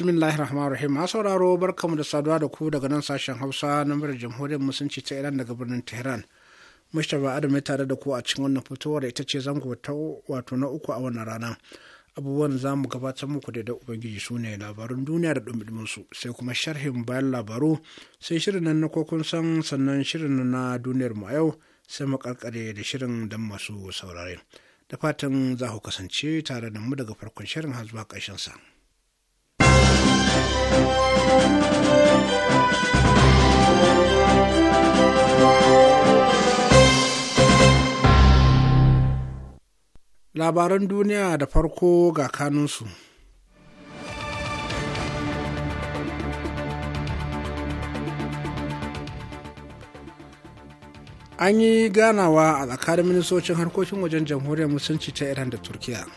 bismillahir rahmanir rahim a sauraro barkamu da saduwa da ku daga nan sashen hausa na murar jamhuriyar musulunci ta iran daga birnin tehran ba adam ya tare da ku a cikin wannan fitowar ita ce zango ta wato na uku a wannan rana abubuwan za mu gabatar muku da ubangiji su ne labarun duniya da ɗumɗumin su sai kuma sharhin bayan labaru sai shirin nan na kokon san sannan shirin na duniyar mu a yau sai mu karkare da shirin don masu saurare da fatan za ku kasance tare da mu daga farkon shirin har zuwa ƙarshen sa. labaran duniya da farko ga kanunsu. An yi ganawa a tsakanin ministocin harkokin wajen jamhuriyar musulunci ta Iran da Turkiyya.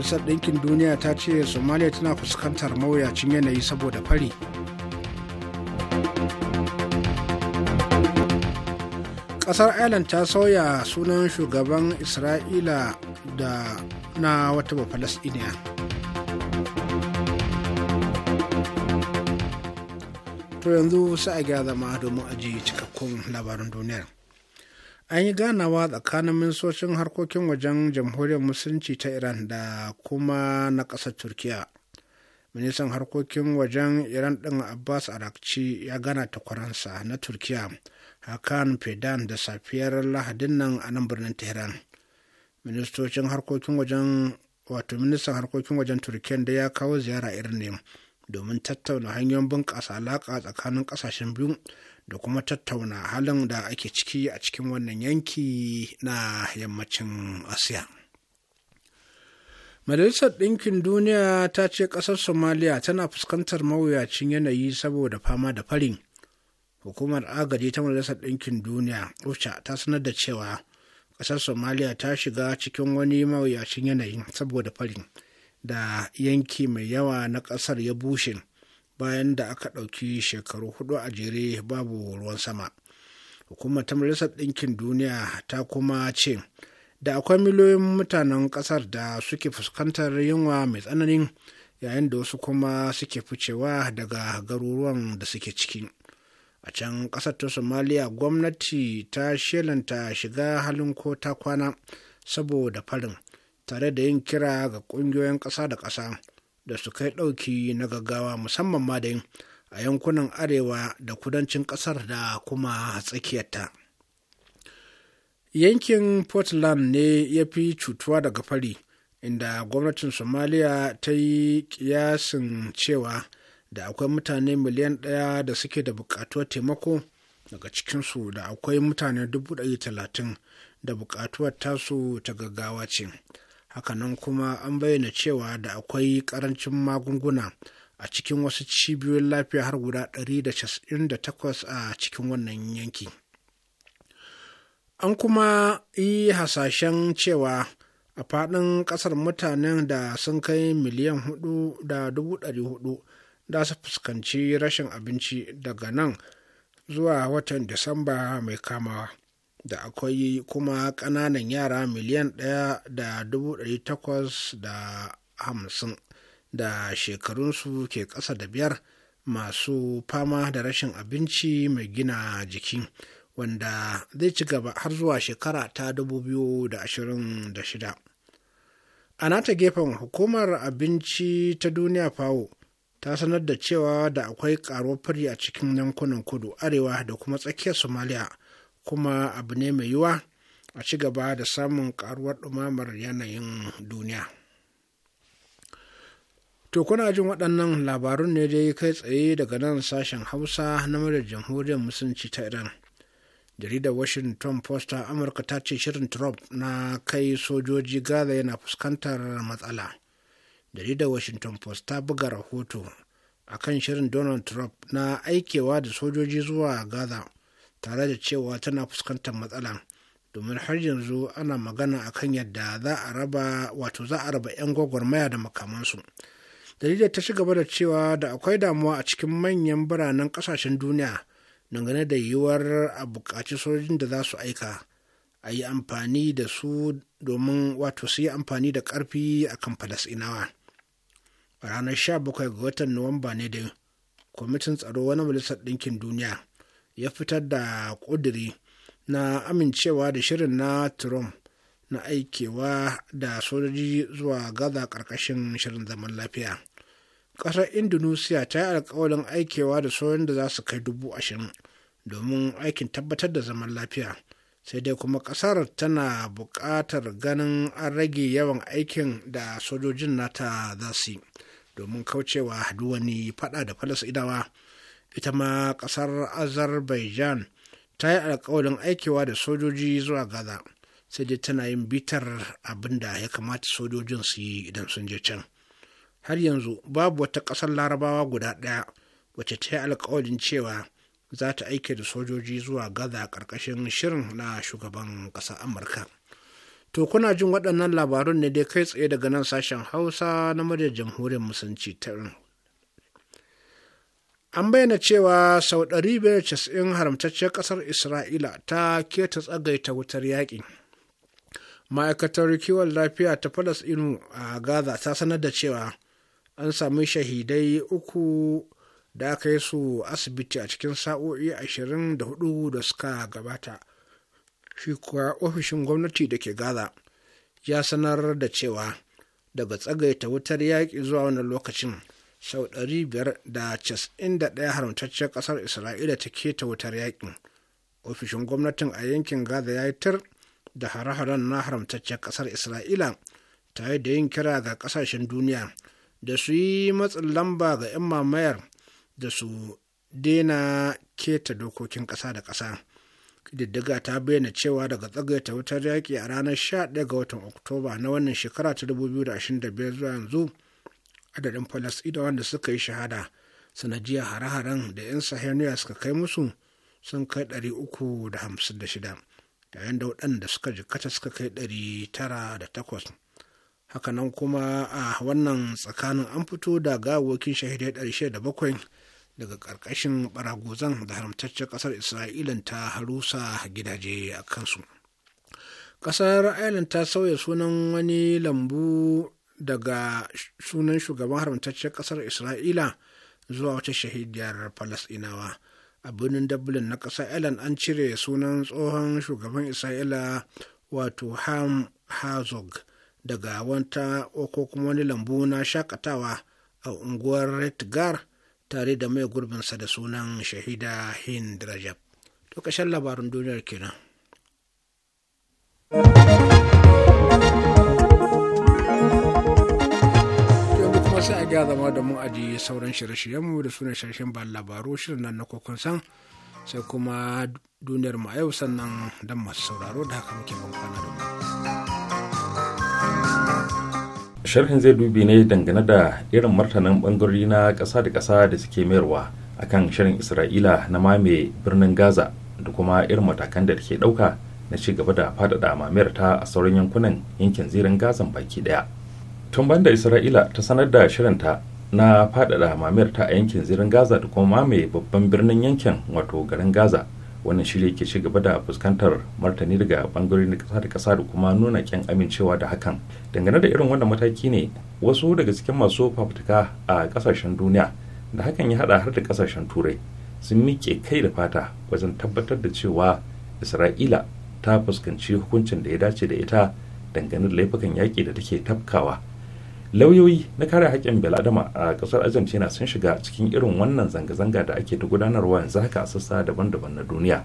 majalisar ɗinkin duniya ta ce somalia tana fuskantar mawuyacin yanayi saboda fari ƙasar ireland ta sauya sunan shugaban isra'ila da na wata bafalasɗiniya to yanzu sai a gyara zama domin a aji cikakkun labarin duniyar an yi ganawa tsakanin ministocin harkokin wajen jamhuriyar musulunci ta iran da kuma na ƙasar turkiya ministan harkokin wajen iran ɗin abbas arakci ya gana takwaransa na turkiya hakan fedan da safiyar lahadin nan a nan birnin tehran ministocin harkokin wajen wato ministan harkokin wajen turkiya da ya kawo ziyara irin ne domin tattauna hanyoyin bunƙasa alaƙa tsakanin ƙasashen biyu da kuma tattauna halin da ake ciki a cikin wannan yanki na yammacin asiya majalisar ɗinkin duniya ta ce ƙasar somaliya tana fuskantar mawuyacin yanayi saboda fama da farin hukumar agaji ta majalisar ɗinkin duniya ucha ta sanar da cewa ƙasar somaliya ta shiga cikin wani mawuyacin yanayi saboda farin da yanki mai yawa na ƙasar ya bushe bayan da aka ɗauki shekaru hudu a jere babu ruwan sama hukumar ta majalisar ɗinkin duniya ta kuma ce da akwai miliyoyin mutanen ƙasar da suke fuskantar yunwa mai tsananin yayin da wasu kuma suke ficewa daga garuruwan da suke ciki a can ƙasar ta somaliya gwamnati ta shelanta shiga halin ko ta kwana saboda farin tare da yin kira ga ƙungiyoyin ƙasa da ƙasa da su kai ɗauki na gaggawa musamman ma da a yankunan arewa da kudancin ƙasar da kuma tsakiyarta yankin portland ne ya fi cutuwa daga fari inda gwamnatin somaliya ta yi kiyasin cewa da akwai mutane miliyan ɗaya da suke da buƙatuwar taimako daga cikinsu da akwai mutane dubu da buƙatuwar tasu ta gaggawa ce hakanan kuma an bayyana cewa da akwai karancin magunguna a cikin wasu cibiyoyin lafiya har guda 198 a cikin wannan yanki an kuma yi hasashen cewa a faɗin ƙasar mutanen da sun kai miliyan hudu da dubu ɗari da su fuskanci rashin abinci daga nan zuwa watan disamba mai kamawa da akwai kuma ƙananan yara miliyan ɗaya da dubu ɗari takwas da hamsin da shekarunsu ke ƙasa da biyar masu fama da rashin abinci mai gina jiki wanda zai ci gaba har zuwa shekara ta dubu biyu da da ashirin shida. a nata gefen hukumar abinci ta duniya fawo ta sanar da cewa da akwai karuwar fari a cikin yankunan kudu arewa da kuma tsakiyar Somalia. kuma abu ne mai yiwa a ci gaba da samun karuwar ɗumamar yanayin duniya to kuna jin waɗannan labarun ne dai kai tsaye daga nan sashen hausa na murar jamhuriyar musulunci ta iran jaridar washington post ta amurka ta ce shirin trump na kai sojoji gaza yana fuskantar matsala jaridar washington post ta buga rahoto a kan shirin donald trump na aikewa da sojoji zuwa gaza tare da cewa tana fuskantar matsala domin har yanzu ana magana akan yadda za a raba wato za a raba 'yan gwagwarmaya da makamansu dalilin ta ci gaba da cewa da akwai damuwa a cikin manyan biranen kasashen duniya dangane da yiwuwar a bukaci sojojin da za su aika a yi amfani da su domin wato su yi amfani da karfi a kan falasinawa a ranar 17 ga watan nuwamba ne da kwamitin tsaro wani majalisar ɗinkin duniya ya fitar da ƙudiri na amincewa da shirin na trump na aikewa da sojoji zuwa gaza ƙarƙashin shirin zaman lafiya ƙasar indonesia ta yi alkawalin aikewa da sojojin da za su kai dubu ashirin domin aikin tabbatar da zaman lafiya sai dai kuma ƙasar tana buƙatar ganin an rage yawan aikin da sojojin nata za su yi domin kaucewa wani faɗa da idawa. ita ma ƙasar azerbaijan ta yi alkawalin aikewa da sojoji zuwa gaza sai dai tana yin bitar abin da ya kamata sojojin su yi idan sun je can har yanzu babu wata ƙasar larabawa guda ɗaya wacce ta yi alkawalin cewa za ta aike da sojoji zuwa gaza ƙarƙashin shirin na shugaban ƙasar amurka to kuna jin waɗannan labarun ne dai kai tsaye daga nan sashen hausa na madar jamhuriyar musulunci ta an bayyana cewa sau 190 haramtaccen ƙasar isra'ila ta keta tsagaita wutar yaƙi ma'aikatar kiwon lafiya ta falasɗinu a gaza ta sanar da cewa an sami shahidai uku da aka yi su asibiti a cikin sa'o'i 24 da suka gabata shi kuwa ofishin gwamnati da ke gaza ya sanar da cewa daga tsagaita wutar yaƙi zuwa wannan lokacin sau da 591 haramtacciyar ƙasar isra'ila ta keta wutar yakin ofishin gwamnatin a yankin gaza ya tar da hare-haren na haramtacciyar ƙasar isra'ila tare da yin kira ga ƙasashen duniya da su yi matsin lamba ga 'yan mamayar da su daina keta dokokin ƙasa da ƙasa diddiga ta bayyana cewa daga tsagaita wutar yaƙi a ranar 11 ga watan oktoba na wannan shekara ta 2025 zuwa yanzu adadin falasɗinawan wanda suka yi shahada sanadiyar hare-haren da 'yan sahiyaniya suka kai musu sun kai 356 yayin da waɗanda suka jikata suka kai 908 hakanan kuma a wannan tsakanin an fito da gawokin shahidai 607 daga ƙarƙashin ɓaragozan da haramtaccen ƙasar isra'ilan ta harusa gidaje a kansu ƙasar ireland ta sauya sunan wani lambu daga sunan shugaban haramtaccen kasar isra'ila zuwa wata shahidiyar falasɗinawa a birnin dublin na ƙasar ireland an cire sunan tsohon shugaban isra'ila wato ham hazog daga wata oko kuma wani lambu na shakatawa a unguwar retgar tare da mai gurbinsa da sunan shahida hind rajab to labarin duniyar kenan. ya zama da mu ajiye sauran shirye-shiryenmu da sunan sharshen ba labaru shirin nan na kokon san sai kuma duniyar mu yau sannan don masu sauraro da haka muke bankwana da mu. sharhin zai dubi ne dangane da irin martanin bangarori na ƙasa da kasa da suke mayarwa akan shirin isra'ila na mame birnin gaza da kuma irin matakan da ke ɗauka na ci gaba da faɗaɗa mamayar ta a sauran yankunan yankin zirin gazan baki ɗaya. tun banda isra'ila ta sanar da shirinta na faɗaɗa mamayar ta a yankin zirin gaza da kuma mamaye babban birnin yankin wato garin gaza wannan shirya ke ci gaba da fuskantar martani daga na kasa da kasa da kuma nuna kyan amincewa da hakan dangane da irin wannan mataki ne wasu daga cikin masu fafutuka a kasashen duniya da hakan ya hada har da kasashen turai sun miƙe kai da fata wajen tabbatar da cewa isra'ila ta fuskanci hukuncin da ya dace da ita dangane da laifukan yaƙi da take tafkawa lauyoyi na kare haƙƙin beladama a ƙasar argentina sun shiga cikin irin wannan zanga-zanga da ake ta gudanarwa yanzu haka a sassa daban-daban na duniya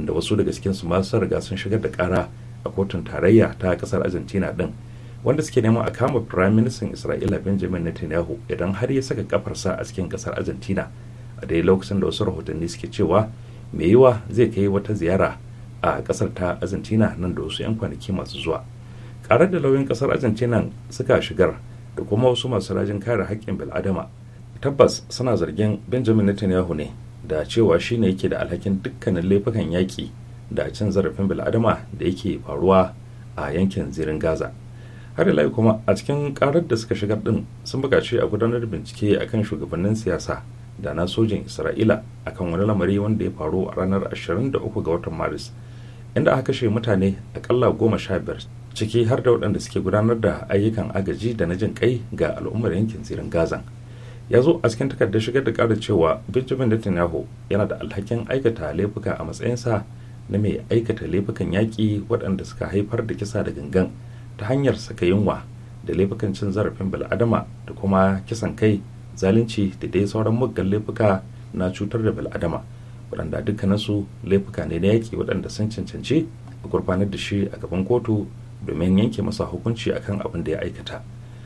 inda wasu daga cikin su ma sun riga sun shigar da ƙara a kotun tarayya ta ƙasar argentina din wanda suke neman a kama firaministan isra'ila benjamin netanyahu idan har ya saka kafarsa a cikin ƙasar argentina a dai lokacin da wasu rahotanni suke cewa mai yiwa zai kai wata ziyara a ƙasar ta argentina nan da wasu 'yan kwanaki masu zuwa karar da lauyin kasar argentina suka shigar da kuma wasu masu rajin kare haƙƙin bil'adama tabbas suna zargin benjamin netanyahu ne da cewa shine yake da alhakin dukkanin laifukan yaƙi da cin zarafin bil'adama da yake faruwa a yankin zirin gaza har ila kuma a cikin karar da suka shigar din sun buƙaci a gudanar da bincike akan shugabannin siyasa da na sojin isra'ila akan wani lamari wanda ya faru a ranar 23 ga watan maris inda aka kashe mutane akalla goma sha biyar ciki har da waɗanda suke gudanar da ayyukan agaji da na jin kai ga al'ummar yankin zirin gazan ya zo a cikin takardar shigar da ƙara cewa benjamin netanyahu yana da alhakin aikata laifuka a matsayinsa na mai aikata laifukan yaƙi waɗanda suka haifar da kisa da gangan ta hanyar saka yunwa da laifukan cin zarafin bil'adama da kuma kisan kai zalunci da dai sauran muggan laifuka na cutar da bil'adama waɗanda dukkaninsu laifuka ne na yaƙi waɗanda sun cancanci a gurfanar da shi a gaban kotu domin yanke masa hukunci akan abin da ya aikata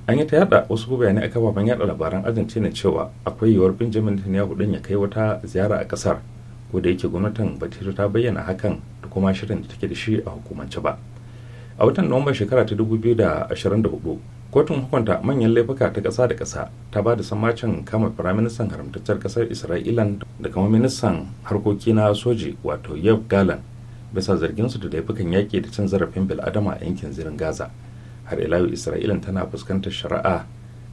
an yi ta yada wasu bayanai a kafafen yada labaran argentina cewa akwai yiwuwar benjamin netanyahu din ya kai wata ziyara a kasar ko da yake gwamnatin batiru ta bayyana hakan da kuma shirin da take da shi a hukumance ba a watan nuwamba shekara ta 2024 kotun hukunta manyan laifuka ta kasa da kasa ta ba da sammacin kama firaministan haramtaccen kasar isra'ilan da kuma ministan harkoki na soji wato yev galan bisa su da laifukan yaƙi da cin zarafin bil'adama a yankin zirin gaza har ila isra'ila tana fuskantar shari'a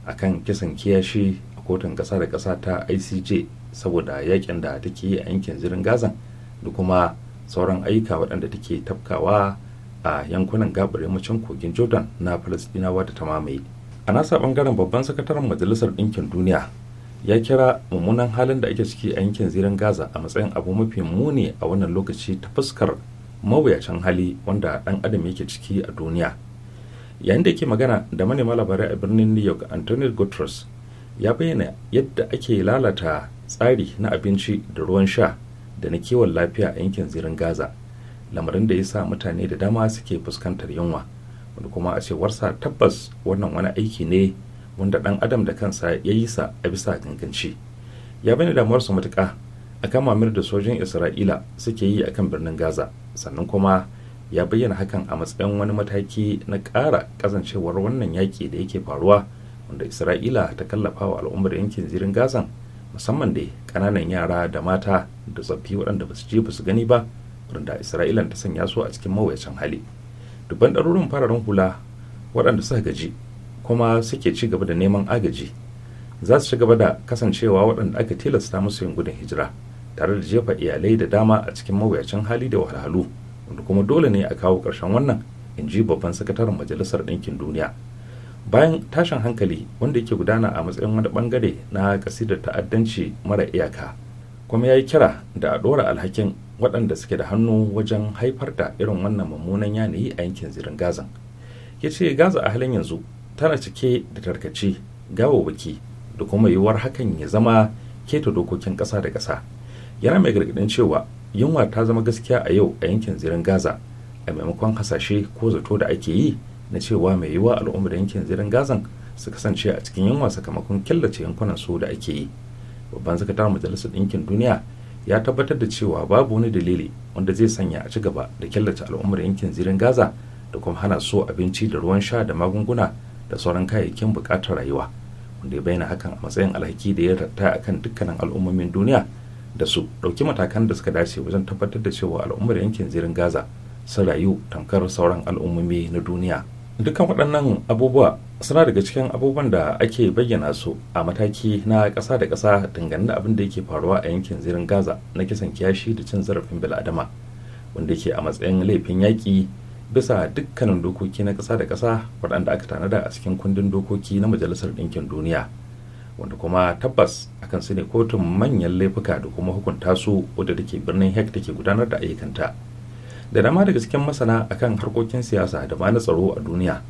a kan kisan kiyashi a kotun ƙasa da ƙasa ta icj saboda yaƙin da take yi a yankin zirin gaza da kuma sauran ayyuka waɗanda take tafkawa a yankunan gabar yammacin kogin jordan na falasɗinawa da ta mamaye a nasa ɓangaren babban sakataren majalisar ɗinkin duniya ya kira mummunan halin da ake ciki a yankin zirin gaza a matsayin abu mafi muni a wannan lokaci ta fuskar mawuyacin hali wanda ɗan adam yake ciki a duniya yayin da yake magana da manema labarai a birnin new york anthony guterres ya bayyana yadda ake lalata tsari na abinci da ruwan sha da na kiwon lafiya a yankin zirin gaza lamarin da ya sa mutane da dama suke fuskantar yunwa wanda kuma a cewarsa tabbas wannan wani aiki ne wanda ɗan adam da kansa ya yi sa a bisa ganganci ya bani damuwarsa matuƙa akan mamir da sojin isra'ila suke yi akan birnin gaza sannan kuma ya bayyana hakan a matsayin wani mataki na ƙara kasancewar wannan yaƙi da yake faruwa wanda isra'ila ta kallafa wa al'ummar yankin zirin gazan musamman da ƙananan yara da mata da tsoffi waɗanda ba su je ba su gani ba waɗanda isra'ilan ta sanya su a cikin mawuyacin hali dubban ɗarurin fararen hula waɗanda suka gaji kuma suke ci gaba da neman agaji za su ci gaba da kasancewa waɗanda aka tilasta musu yin gudun hijira tare da jefa iyalai da dama a cikin mawuyacin hali da wahalhalu wanda kuma dole ne a kawo ƙarshen wannan in ji babban sakataren majalisar ɗinkin duniya bayan tashin hankali wanda yake gudana a matsayin wani bangare na kasidar ta'addanci mara iyaka kuma ya yi kira da a ɗora alhakin waɗanda suke da hannu wajen haifar da irin wannan mummunan yanayi a yankin zirin gazan ya ce gaza a halin yanzu tana cike da tarkace gawawwaki da kuma yiwuwar hakan ya zama keta dokokin ƙasa da ƙasa yana mai gargadin cewa yunwa ta zama gaskiya a yau a yankin zirin gaza a maimakon hasashe ko zato da ake yi na cewa mai yiwuwa al'ummar yankin zirin gazan su kasance a cikin yunwa sakamakon killace yankunan su da ake yi babban sakataren majalisar ɗinkin duniya ya tabbatar da cewa babu wani dalili wanda zai sanya a ci gaba da killace al'ummar yankin zirin gaza da kuma hana so abinci da ruwan sha da magunguna da sauran kayayyakin buƙatar rayuwa wanda ya bayyana hakan a matsayin alhaki da ya rattaya akan dukkanin al'ummomin duniya da su ɗauki matakan da suka dace wajen tabbatar da cewa al'ummar yankin zirin gaza sun rayu tamkar sauran al'ummomi na duniya dukkan waɗannan abubuwa suna daga cikin abubuwan da ake bayyana su a mataki na ƙasa da ƙasa dangane da abin da yake faruwa a yankin zirin gaza na kisan kiyashi da cin zarafin bil'adama wanda ke a matsayin laifin yaƙi bisa dukkanin dokoki na ƙasa da ƙasa waɗanda aka tanada a cikin kundin dokoki na majalisar ɗinkin duniya wanda kuma tabbas akan su ne kotun manyan laifuka da kuma hukunta su wadda take birnin hek take gudanar da ayyukanta da dama daga cikin masana akan harkokin siyasa da ma na tsaro a duniya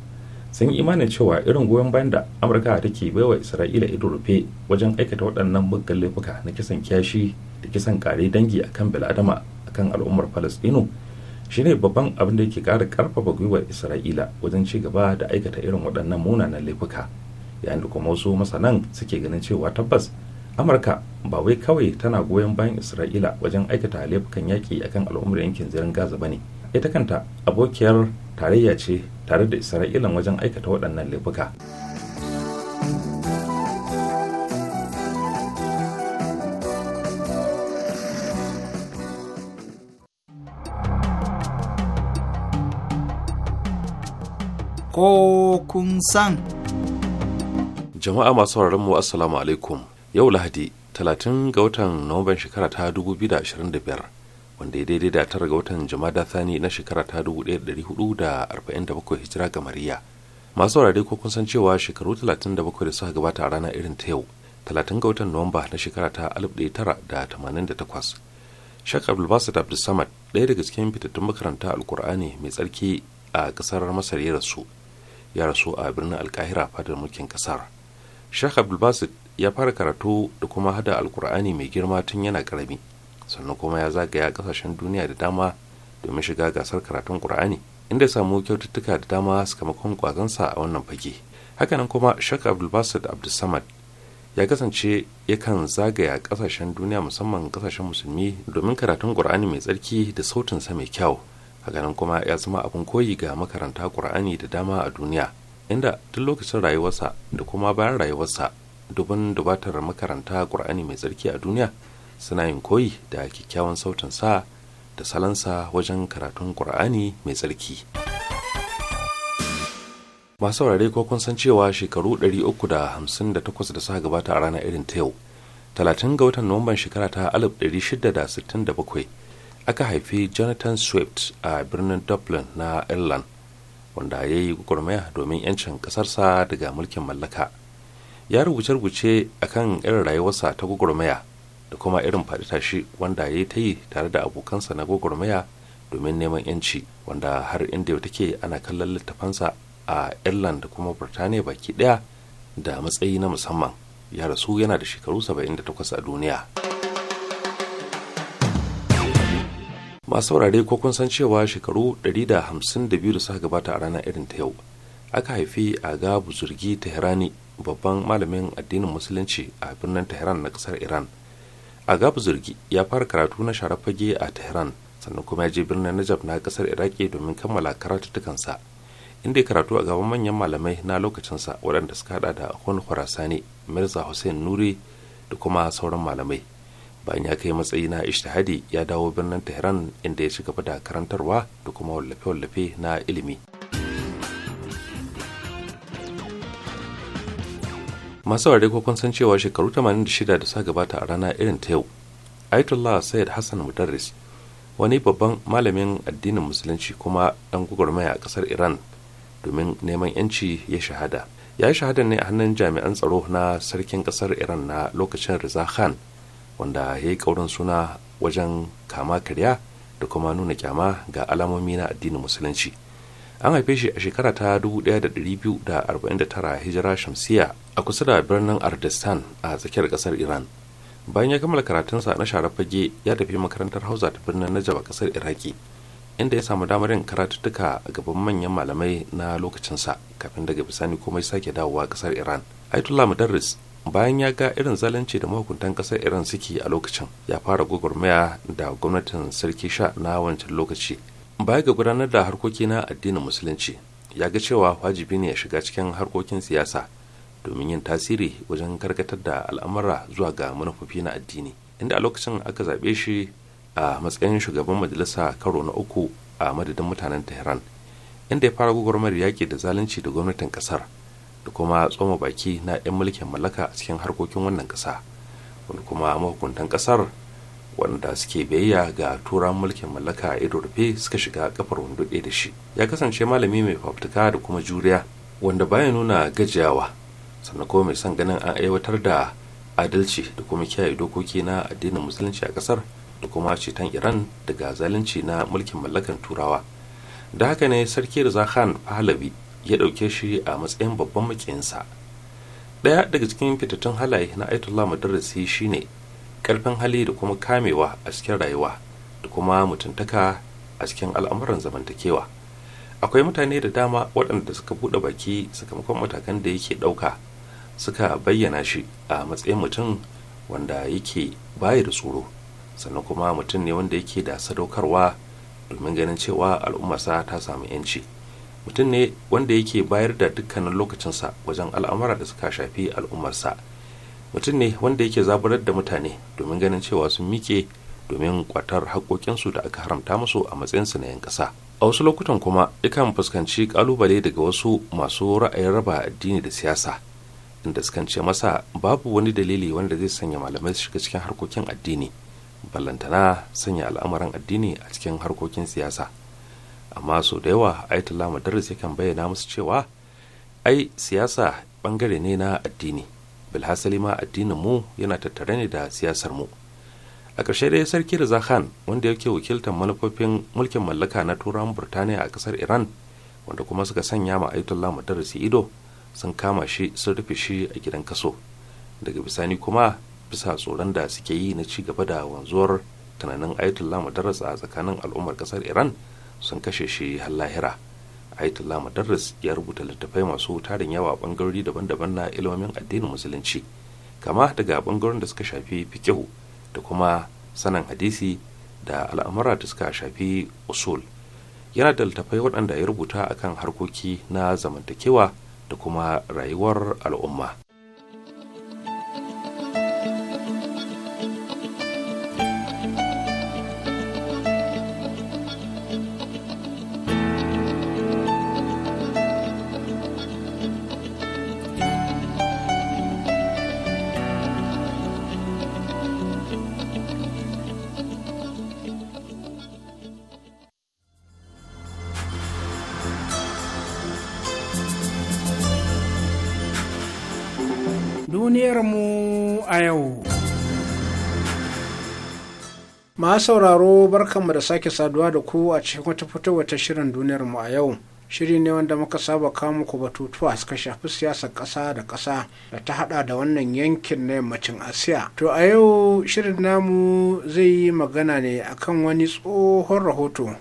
sun yi imanin cewa irin goyon bayan da amurka take baiwa isra'ila ido rufe wajen aikata waɗannan muggan laifuka na kisan kyashi da kisan kare dangi akan bil'adama akan al'ummar falastinu shine babban abin da yake ƙara ƙarfafa gwiwar isra'ila wajen ci gaba da aikata irin waɗannan munanan laifuka yayin da kuma wasu masanan suke ganin cewa tabbas amurka ba wai kawai tana goyon bayan isra'ila wajen aikata laifukan yaƙi akan al'ummar yankin zirin gaza ba ne ita kanta abokiyar tarayya ce tare da isra'ilan wajen aikata waɗannan laifuka. ko kun san. jama'a masu sauraron mu assalamu alaikum yau lahadi 30 ga watan nuwamban shekara ta 2025 wanda ya daidai da tara ga watan jama'a thani na shekara ta 1447 hijira ga Mariya. masu saurare ko kun san cewa shekaru 37 da suka gabata a rana irin ta yau 30 ga watan nuwamba na shekara ta 1988 shak abdulbasit abdulsamad ɗaya daga cikin fitattun makaranta alkur'ani mai tsarki a ƙasar masar ya rasu ya rasu a birnin alkahira fadar mulkin ƙasar Sheikh Abdulbasit ya fara karatu da kuma hada alkur'ani mai girma tun yana karami sannan kuma ya zagaya kasashen duniya da dama domin shiga gasar karatun qur'ani inda ya samu kyaututtuka da dama sakamakon kwazansa a wannan fage hakanan kuma Sheikh Abdulbasit Abdulsamad ya kasance yakan zagaya kasashen duniya musamman kasashen musulmi domin karatun qur'ani mai tsarki da sautinsa mai kyau hakanan kuma ya zama abin koyi ga makaranta qur'ani da dama a duniya inda tun lokacin rayuwarsa da kuma bayan rayuwarsa dubin dubatar makaranta ƙur'ani mai tsarki a duniya suna yin koyi da kyakkyawan sautin sa da salansa wajen karatun ƙur'ani mai tsarki masu saurare ko kun san cewa shekaru 358 da suka gabata a ranar irin ta yau talatin ga watan nuwamban shekara ta 1667 aka haifi jonathan swift a birnin dublin na ireland wanda ya yi gwagwarmaya domin 'yancin ƙasarsa daga mulkin mallaka ya rubuce-rubuce a kan irin rayuwarsa ta gwagwarmaya da kuma irin faɗi tashi wanda ya yi ta yi tare da abokansa na gwagwarmaya domin neman 'yanci wanda har inda take ana kallon littafansa a irland da kuma birtaniya baki ɗaya da matsayi na musamman ya rasu yana da shekaru 78 a duniya. masu saurare ko kun san cewa shekaru 152 da suka gabata a ranar irin ta yau aka haifi a ga buzurgi tehrani babban malamin addinin musulunci a birnin tehran na kasar iran aga buzurgi ya fara karatu na sharafage a tehran sannan kuma ya je birnin najab na kasar iraki domin kammala karatuttukansa inda ya karatu a gaban manyan malamai na lokacinsa waɗanda suka hada da hun khurasani mirza hussein nuri da kuma sauran malamai bayan ya kai matsayi na ishtihadi ya dawo birnin tehran inda ya ci gaba da karantarwa da kuma wallafe-wallafe na ilimi masu ware kun san cewa shekaru 86 da sa gabata a rana irin ta yau ayatollah sayyid hassan mudarris wani babban malamin addinin musulunci kuma dan gwagwarmaya a kasar iran domin neman yanci ya shahada ya yi shahada ne a hannun jami'an tsaro na sarkin kasar iran na lokacin riza khan wanda ya yi ƙaurin suna wajen kama karya da kuma nuna kyama ga alamomi na addinin musulunci an haife shi a shekara ta 1249 hijira shamsiya a kusa da birnin ardistan a tsakiyar kasar iran bayan ya kammala karatunsa na share fage ya tafi makarantar hausa ta birnin najab a kasar iraki inda ya samu damar yin karatuttuka a gaban manyan malamai na lokacinsa kafin daga bisani komai sake dawowa kasar iran aitullah mudarris bayan ya ga irin zalunci da mahukuntan kasar iran suke a lokacin ya fara gwagwarmaya da gwamnatin sarki sha na wancan lokaci baya ga gudanar da harkoki na addinin musulunci ya ga cewa wajibi ne ya shiga cikin harkokin siyasa domin yin tasiri wajen karkatar da al'amura zuwa ga manufofi na addini inda a lokacin aka zaɓe shi a matsayin shugaban majalisa karo na uku a madadin mutanen tehran inda ya fara gwagwarmar yaƙi da zalunci da gwamnatin ƙasar da kuma tsoma baki na 'yan mulkin mallaka a cikin harkokin wannan ƙasa wanda kuma mahukuntan ƙasar wanda suke biyayya ga turan mulkin mallaka a ido rufe suka shiga kafar wando ɗaya da shi ya kasance malami mai fafutuka da kuma juriya wanda baya nuna gajiyawa sannan kuma mai son ganin an aiwatar da adalci da kuma kiyaye dokoki na addinin musulunci a ƙasar da kuma ceton iran daga zalunci na mulkin mallakan turawa da haka ne sarki da zahan pahlavi ya ɗauke shi a matsayin babban makiyinsa ɗaya daga cikin fitattun halaye na aitullah madarasi shine ƙarfin hali da kuma kamewa a cikin rayuwa da kuma mutuntaka a cikin al'amuran zamantakewa akwai mutane da dama waɗanda suka buɗe baki sakamakon matakan da yake ɗauka suka bayyana shi a matsayin mutum wanda yake baya da tsoro sannan kuma mutum ne wanda yake da sadaukarwa domin ganin cewa al'ummarsa ta samu 'yanci. mutum ne wanda yake bayar da dukkanin lokacinsa wajen al'amura da suka shafi al'ummarsa mutum ne wanda yake zaburar da mutane domin ganin cewa sun mike domin kwatar haƙoƙinsu da aka haramta musu a matsayinsu na 'yan ƙasa a wasu lokutan kuma yakan fuskanci ƙalubale daga wasu masu ra'ayin raba addini da siyasa inda sukan ce masa babu wani dalili wanda zai sanya malamai su shiga cikin harkokin addini ballantana sanya al'amuran addini a cikin harkokin siyasa amma sau da yawa ayatollah madaris yakan bayyana musu cewa ai siyasa bangare ne na addini bilhassali ma addinin mu yana tattare ne da siyasar mu a ƙarshe dai sarki da khan wanda yake wakiltar manufofin mulkin mallaka na turawan burtaniya a ƙasar iran wanda kuma suka sanya ma ayatollah madarisi ido sun kama shi sun rufe shi a gidan kaso daga bisani kuma bisa tsoron da suke yi na ci gaba da wanzuwar tunanin ayatollah madaris a tsakanin al'ummar ƙasar iran sun kashe shi har lahira ayatollah madarris ya rubuta littattafai masu tarin yawa bangarori daban-daban na ilimin addinin musulunci kama daga bangarorin da suka shafi fikihu da kuma sanan hadisi da al'amura da suka shafi usul yana da littafai waɗanda ya rubuta akan harkoki na zamantakewa da kuma rayuwar al'umma sauraro barkanmu da sake saduwa da ku a cikin wata fitowar wata shirin duniyar mu a yau shiri ne wanda muka saba kamu ku batutuwa suka shafi siyasar ƙasa da ƙasa da ta hada da wannan yankin na yammacin asiya to a yau shirin namu zai yi magana ne akan wani tsohon rahoto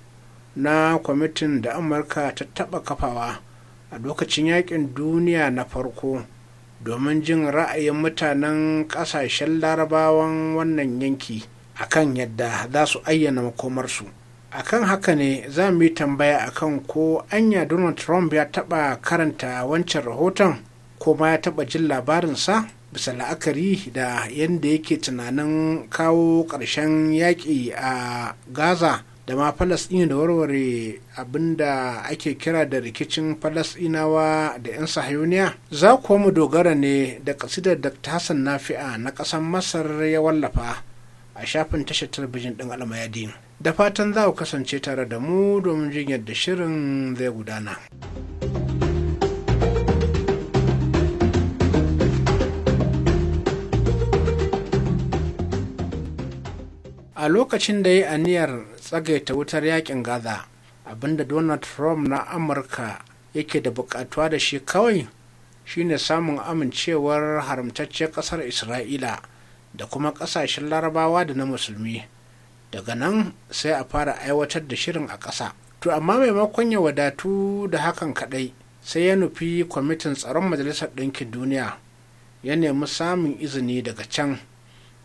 na kwamitin da amurka ta taba kafawa a lokacin yakin duniya na farko domin jin ra'ayin mutanen ƙasashen larabawan wannan yanki A kan yadda za su ayyana makomarsu akan haka ne za mu yi tambaya akan ko anya donald trump ya taɓa karanta wancan rahoton ko ma ya taɓa jin labarinsa bisa la'akari da yadda yake tunanin kawo ƙarshen yaƙi a gaza da ma falasɗin da warware abinda ake kira da rikicin falasɗinawa da 'yan sahayoniya za kuwa mu dogara ne da ƙasidar dr hassan nafi'a na ƙasar masar ya wallafa a shafin tashar talabijin ɗin almayadi da fatan za ku kasance tare da mu domin jin yadda shirin zai gudana. a lokacin da ya aniyar tsagaita wutar yakin gaza abinda donald trump na amurka yake da bukatuwa da shi kawai shine samun amincewar haramtacciyar kasar isra'ila da kuma ƙasashen larabawa da na musulmi daga nan sai a fara aiwatar da shirin a ƙasa to amma maimakon ya wadatu da hakan kaɗai sai ya nufi kwamitin tsaron majalisar ɗinkin duniya ya nemi samun izini daga can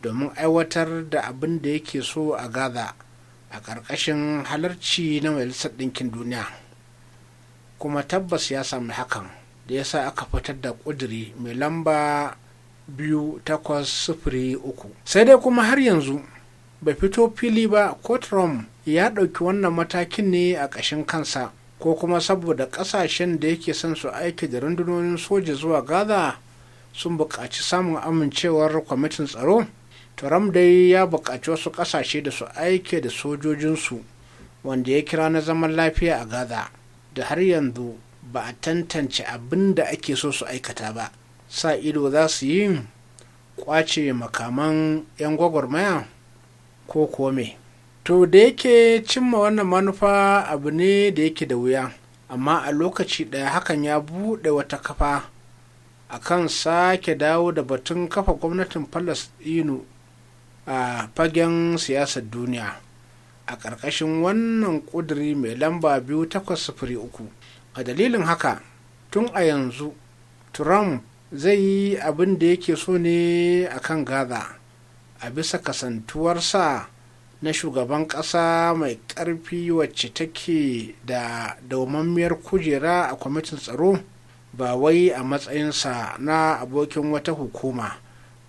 domin aiwatar da abin da yake so a gaza a ƙarƙashin halarci na majalisar ɗinkin duniya kuma tabbas ya sami hakan da ya sa aka fitar da ƙuduri mai lamba biyu takwas sufuri uku sai dai kuma har yanzu bai fito fili ba ko trump ya ɗauki wannan matakin ne a ƙashin kansa ko kuma saboda ƙasashen da yake son su aiki da rundunonin soja zuwa gaza sun buƙaci samun amincewar kwamitin tsaro trump dai ya buƙaci wasu ƙasashe da su aike da sojojinsu wanda ya kira na zaman lafiya a gaza da har yanzu ba a tantance abin da ake so su aikata ba sa ido za su yi kwace makaman 'yan gwagwarmaya ko kome to da yake cimma wannan manufa abu ne da yake da wuya amma a lokaci ɗaya hakan ya buɗe wata kafa a kan sake dawo da batun kafa gwamnatin Falasɗinu a fagen siyasar duniya a ƙarƙashin wannan ƙuduri mai lamba biyu takwas sufuri uku a dalilin haka tun a yanzu trump zai yi abin da yake so ne a kan gaza a bisa kasantuwarsa na shugaban ƙasa mai ƙarfi wacce take da daumammiyar kujera a kwamitin tsaro ba wai a matsayinsa na abokin wata hukuma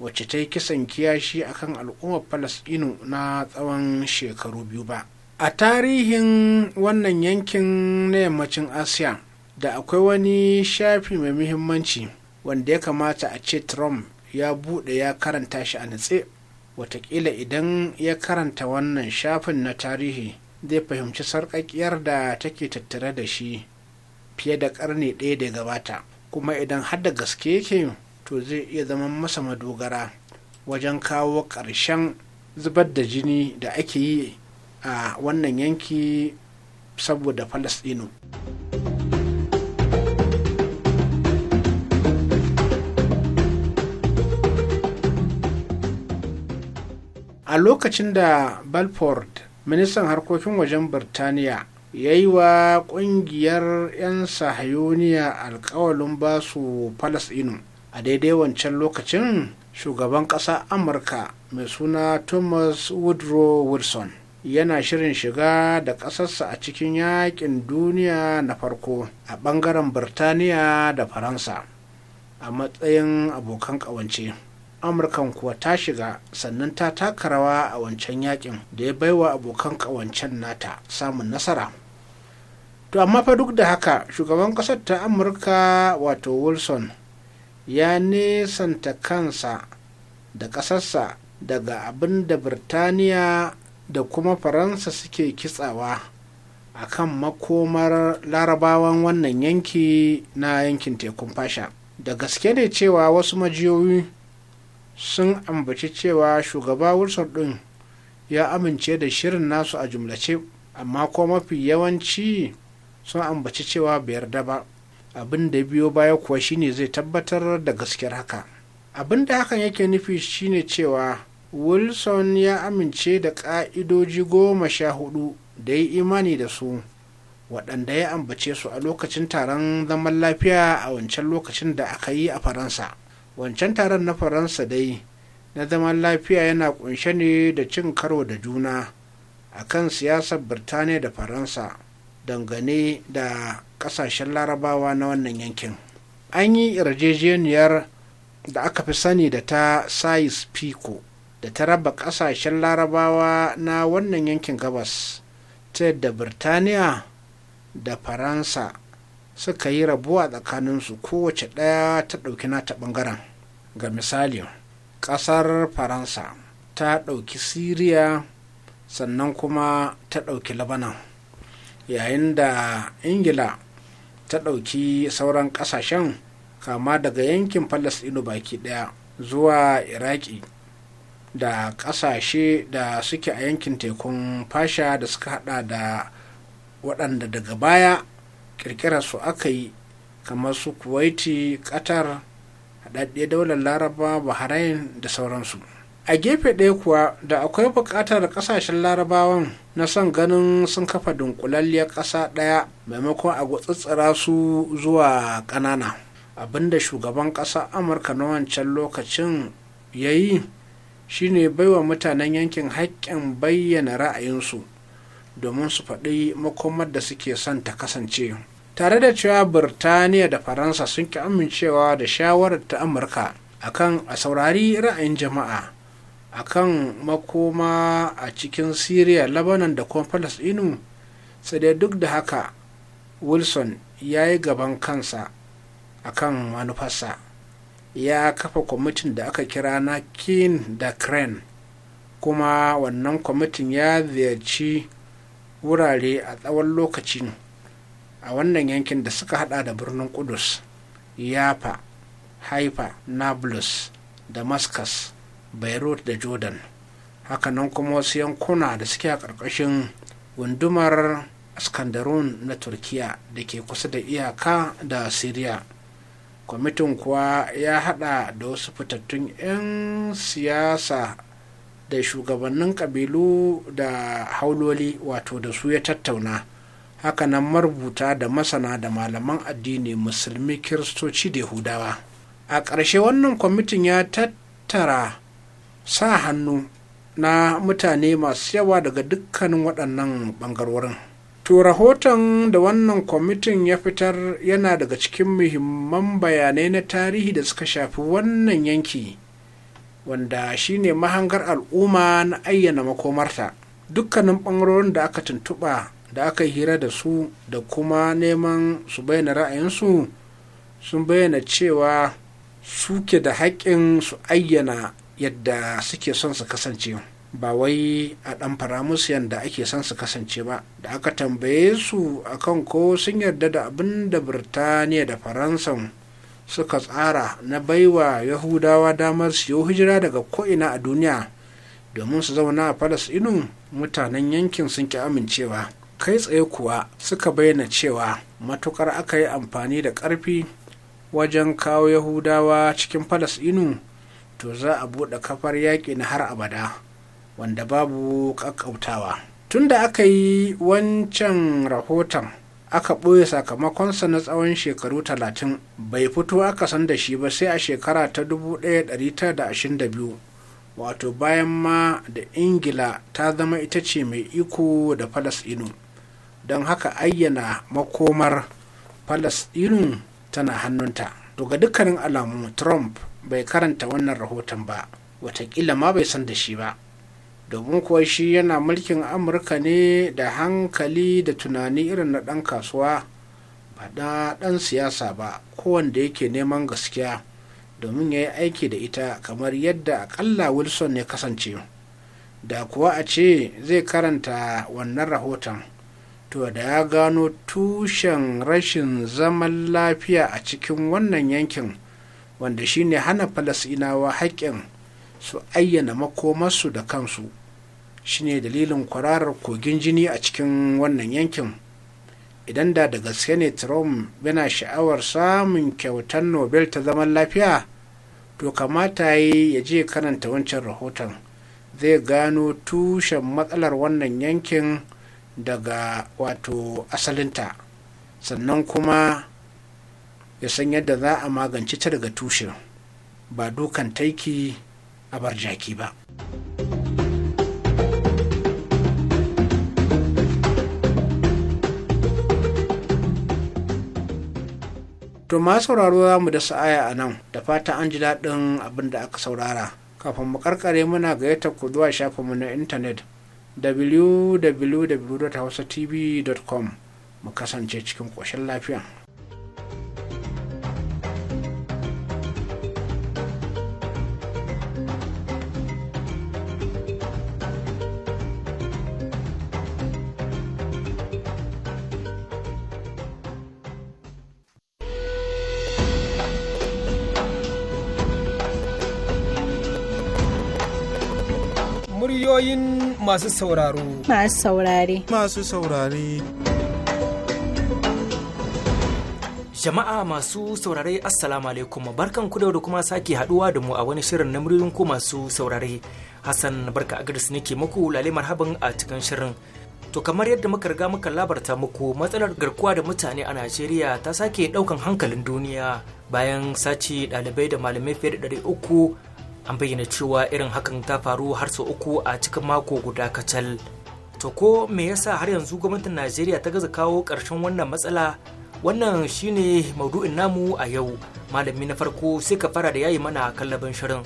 wacce ta yi kisan kiyashi a kan al'ummar falasɗinu na tsawon shekaru biyu ba a tarihin wannan yankin na yammacin asiya da akwai wani shafi mai muhimmanci wanda ya kamata a ce trump ya bude ya karanta shi a natse watakila idan ya karanta wannan shafin na tarihi zai fahimci sarƙaƙiyar da take tattare da shi fiye da ƙarni ɗaya da gabata kuma idan har da gaske yake to zai iya zama masa madogara wajen kawo ƙarshen zubar da jini da ake yi a wannan yanki saboda falasɗinu. a lokacin da Belford, ministan harkokin wajen birtaniya ya yi wa kungiyar 'yan sahayoniya alkawalin basu falasɗinu a daidai wancan lokacin shugaban ƙasa amurka mai suna thomas woodrow wilson yana shirin shiga da ƙasarsa a cikin yakin duniya na farko a ɓangaren birtaniya da faransa a matsayin abokan ƙawance amurkan kuwa ta shiga sannan ta taka rawa a wancan yakin da ya baiwa abokan kawancen nata samun nasara to amma fa duk da haka shugaban kasar ta amurka wato wilson ya nesanta kansa da kasarsa daga abin da birtaniya da kuma faransa suke kitsawa a kan makomar larabawan wannan yanki na yankin tekun fasha da gaske ne cewa wasu majiyoyi sun ambaci cewa shugaba wilson ɗin ya amince da shirin nasu a jumlace amma ko mafi yawanci sun ambaci cewa bai yarda ba abin da biyo baya kuwa shine zai tabbatar da gaskiyar haka abin da hakan yake nufi shine cewa wilson ya amince da ƙa'idoji goma sha hudu da ya imani da su waɗanda ya ambace su a lokacin taron zaman lafiya a wancan lokacin da aka yi a faransa wancan taron na faransa dai na zaman lafiya yana kunshe ne da cin karo da juna a kan siyasar birtaniya da faransa dangane da kasashen larabawa na wannan yankin an yi yarjejeniyar da aka fi sani da ta sais pico da ta raba kasashen larabawa na wannan yankin gabas ta yadda birtaniya da faransa suka yi rabuwa tsakaninsu kowace ɗaya ta ɗauki nata ɓangaren ga misali ƙasar faransa ta ɗauki siriya sannan kuma ta ɗauki labanan yayin da ingila ta ɗauki sauran ƙasashen kama daga yankin falastinu baki ɗaya zuwa iraki da ƙasashe da suke a yankin tekun fasha da suka haɗa da waɗanda daga baya ƙirƙirar su aka yi kamar su kuwaiti qatar haɗaɗɗe daular laraba bahrain da sauransu a gefe ɗaya kuwa da akwai buƙatar ƙasashen larabawan na son ganin sun kafa dunkulalliyar ƙasa ɗaya maimakon a gutsutsura su zuwa ƙanana abinda shugaban ƙasa amurka na wancan lokacin ya yi shine baiwa mutanen yankin haƙƙin bayyana ra'ayinsu domin su faɗi makomar da suke son ta kasance tare da cewa birtaniya da faransa sun ki amincewa da shawarar ta amurka akan a saurari ra'ayin jama'a akan makoma a cikin syria lebanon da kuma Falasɗinu. sai dai duk da haka wilson ya yi gaban kansa akan manufarsa ya kafa kwamitin da aka kira na kin da crane kuma wannan kwamitin ya ziyarci wurare a tsawon lokaci a wannan yankin da suka hada da birnin kudus Yapa, haifa nablus damascus beirut da jordan hakanan kuma wasu yankuna da suke a ƙarƙashin gundumar askandarun na turkiya da ke kusa da iyaka da syria kwamitin kuwa ya hada da wasu fitattun 'yan siyasa da shugabannin kabilu da hauloli wato da su ya tattauna hakanan marubuta da masana da malaman addini musulmi kiristoci da hudawa. a ƙarshe wannan kwamitin ya tattara sa hannu na mutane masu yawa daga dukkanin waɗannan ɓangarorin to rahoton da wannan kwamitin ya fitar yana daga cikin muhimman bayanai na tarihi da suka shafi wannan yanki wanda shine mahangar al'umma na ayyana makomarta dukkanin ɓangarorin da aka tuntuɓa da aka hira da su da kuma neman su bayyana ra'ayinsu sun bayyana cewa suke da haƙƙin su ayyana yadda suke son su kasance ba wai a ɗan musu da ake son su kasance ba da aka tambaye su akan ko sun yarda da abin da birtaniya da faransan suka tsara na baiwa yahudawa damar siyo hijira daga ko'ina a duniya domin su zauna a falasɗinu mutanen yankin sun ki amincewa kai tsaye kuwa suka bayyana cewa matukar aka yi amfani da ƙarfi wajen kawo yahudawa cikin falasɗinu to za a buɗe kafar yaƙi na har abada wanda babu ƙaƙƙautawa tun da aka yi wancan rahoton aka ɓoye sakamakonsa na tsawon shekaru talatin, bai fito aka san da shi ba sai a shekara ta 1922 wato bayan ma da ingila ta zama ita ce mai iko da falasɗinu don haka ayyana makomar falasɗinu tana hannunta to ga dukkanin alamu trump bai karanta wannan rahoton ba watakila ma bai san da shi ba domin kuwa shi yana mulkin amurka ne da hankali da tunani irin na ɗan kasuwa ba na ɗan siyasa ba kowanda yake neman gaskiya domin ya yi aiki da ita kamar yadda akalla wilson ya kasance da kuwa a ce zai karanta wannan rahoton to da ya gano tushen rashin zaman lafiya a cikin wannan yankin wanda shine hana falasinawa haƙƙin su ayyana makomarsu da kansu shine dalilin kwararar kogin jini a cikin wannan yankin idan da da gaske ne trump yana sha'awar samun kyautar nobel ta zaman lafiya to kamata yi ya je karanta wancan rahoton zai gano tushen matsalar wannan yankin daga wato asalinta sannan kuma ya san yadda za a magance ta daga tushen ba dukan taiki a bar jaki ba. to ma sauraro za mu da sa'aya a nan da fata an ji daɗin abin da aka saurara kafin mu karkare muna gayyata ku zuwa shafinmu na intanet www.hausatv.com mu kasance cikin ƙoshin lafiya masu sauraro. Masu saurare. Masu saurare. Jama'a masu saurare Assalamu alaikum barkan ku da kuma sake haduwa da mu a wani shirin na muryoyin ku masu saurare. Hassan barka agris nake muku lale marhaban a cikin shirin. To kamar yadda muka riga muka labarta muku matsalar garkuwa da mutane a Najeriya ta sake daukan hankalin duniya bayan sace dalibai da malamai fiye da 300 an bayyana cewa irin hakan ta faru har sau uku a cikin mako guda kacal to ko me yasa har yanzu gwamnatin najeriya ta gaza kawo karshen wannan matsala wannan shine maudu'in namu a yau malami na farko sai ka fara da yayi mana kallabin shirin